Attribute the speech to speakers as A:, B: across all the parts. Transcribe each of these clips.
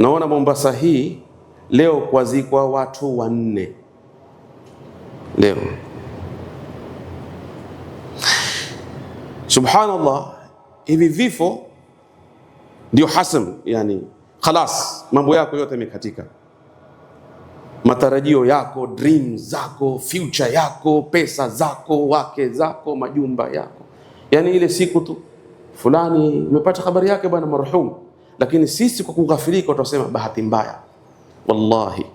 A: Naona Mombasa hii leo kwazikwa watu wanne leo. Subhanallah, hivi vifo ndio hasm, yani khalas, mambo yako yote yamekatika, matarajio yako, dream zako, future yako, pesa zako, wake zako, majumba yako, yani ile siku tu fulani umepata habari yake bwana marhumu lakini sisi kwa kughafilika tutasema bahati mbaya. Wallahi,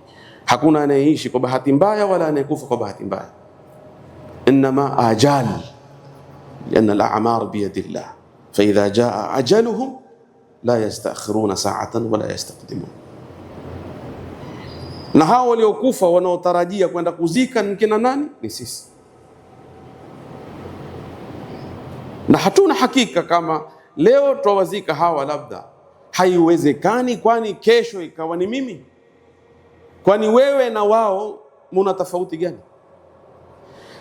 A: hakuna anayeishi kwa bahati mbaya wala anayekufa kwa bahati mbaya, innama ajal lianna al-a'mar biyadillah fa idha jaa ajaluhum la yastakhiruna sa'atan wala yastaqdimun. Na hao waliokufa wanaotarajia kwenda kuzika ni kina nani? Ni sisi, na hatuna hakika kama leo twawazika hawa labda haiwezekani, kwani kesho ikawa ni mimi. Kwani wewe na wao muna tofauti gani?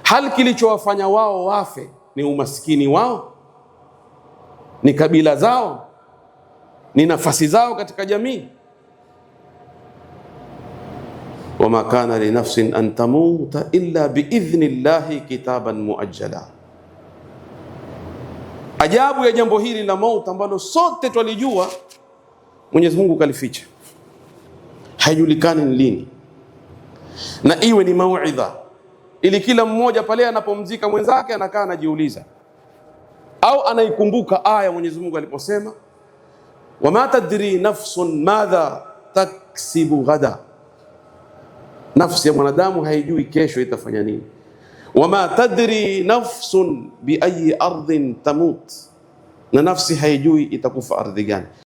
A: Hali kilichowafanya wao wafe ni umaskini wao, ni kabila zao, ni nafasi zao katika jamii. wama kana linafsin an tamuta illa biidhni llahi kitaban muajjala. Ajabu ya jambo hili la mauti ambalo sote twalijua Mwenyezi Mungu kalificha, haijulikani ni lini, na iwe ni mauidha, ili kila mmoja pale anapomzika mwenzake anakaa anajiuliza au anaikumbuka aya Mwenyezi Mungu aliposema, wama tadri nafsun madha taksibu ghada, nafsi ya mwanadamu haijui kesho itafanya nini. Wama tadri nafsun biayi ardhin tamut, na nafsi haijui itakufa ardhi gani.